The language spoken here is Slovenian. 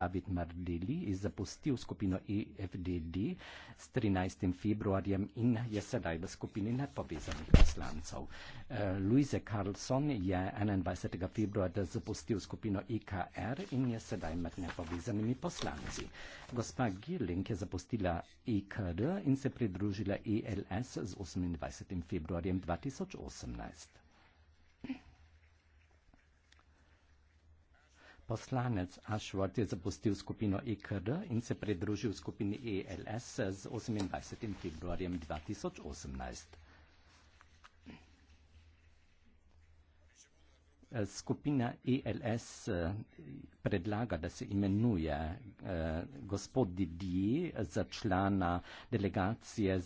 David Mardeli je zapustil skupino EFDD s 13. februarjem in je sedaj v skupini nepovezanih poslancev. Uh, Luise Carlson je 21. februarja zapustil skupino EKR in je sedaj med nepovezanimi poslanci. Gospa Girling je zapustila EKR in se pridružila ELS z 28. februarjem 2018. Poslanec Ashworth je zapustil skupino EKD in se pridružil skupini ELS z 28. februarjem 2018. Skupina ELS eh, predlaga, da se imenuje eh, gospod Didi za člana delegacije.